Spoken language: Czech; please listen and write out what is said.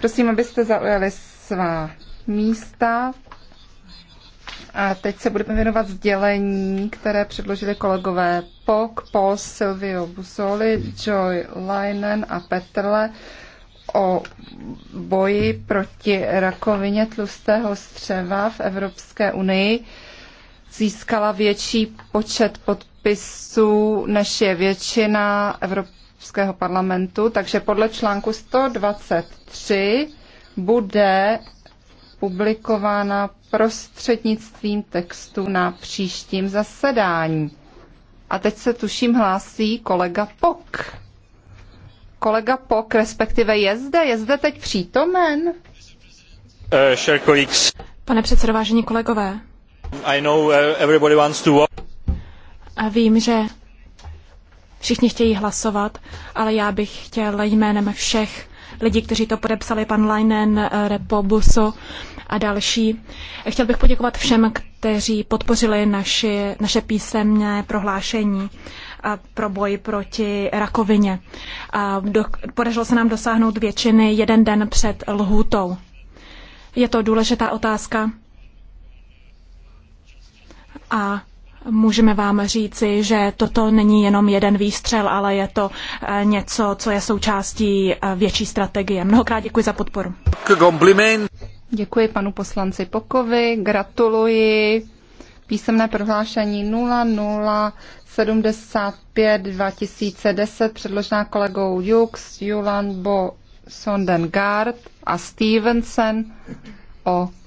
Prosím, abyste zaujali svá místa. A teď se budeme věnovat sdělení, které předložili kolegové Pok, Paul, Silvio Busoli, Joy Linen a Petrle o boji proti rakovině tlustého střeva v Evropské unii získala větší počet podpisů, než je většina Evropy Evropského parlamentu, takže podle článku 123 bude publikována prostřednictvím textu na příštím zasedání. A teď se tuším hlásí kolega Pok. Kolega Pok, respektive je zde, je zde teď přítomen. Uh, Pane předsedo, vážení kolegové. I know eh, everybody wants to... A vím, že Všichni chtějí hlasovat, ale já bych chtěl jménem všech lidí, kteří to podepsali, pan Leinen, Repo, Buso a další. Chtěl bych poděkovat všem, kteří podpořili naši, naše písemné prohlášení pro boj proti rakovině. Do, podařilo se nám dosáhnout většiny jeden den před lhůtou. Je to důležitá otázka. A Můžeme vám říci, že toto není jenom jeden výstřel, ale je to eh, něco, co je součástí eh, větší strategie. Mnohokrát děkuji za podporu. Kompliment. Děkuji panu poslanci Pokovi, gratuluji. Písemné prohlášení 0075 2010 předložená kolegou Jux, Julan Bo Sondengard a Stevenson o